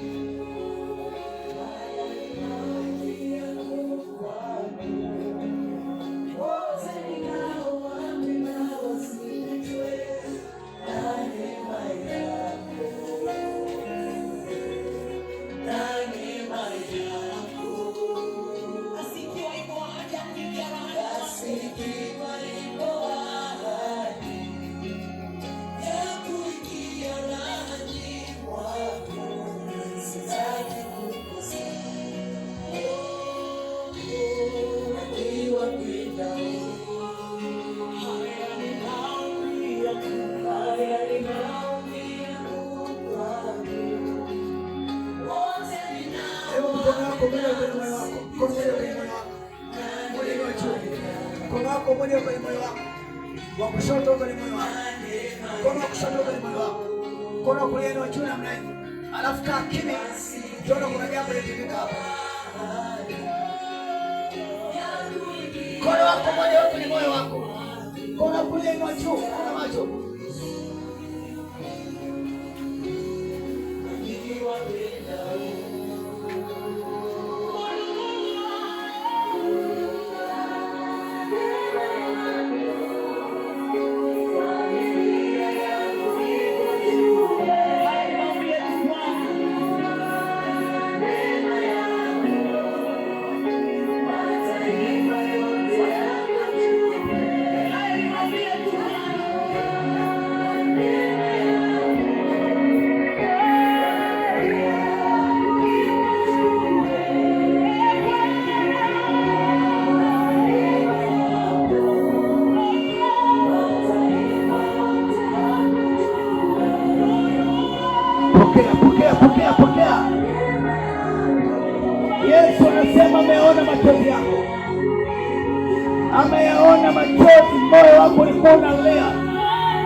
Música wako moja kwenye moyo wako, mkono moja kwenye moyo wako, moja ni wachuni, mkono wako moja kwenye moyo wako wa kushoto, kwenye moyo wako, mkono wa kushoto kwenye moyo wako, mkono wa kulia ni wachuni namna hiyo. Alafu kaa kimya, tuone kuna jambo litendeka hapa. Mkono wako moja kwenye moyo wako, mkono wa kulia ni wachuni, kuna macho Yesu anasema ameona machozi yako, ameyaona machozi, moyo wako ulikuwa unalea.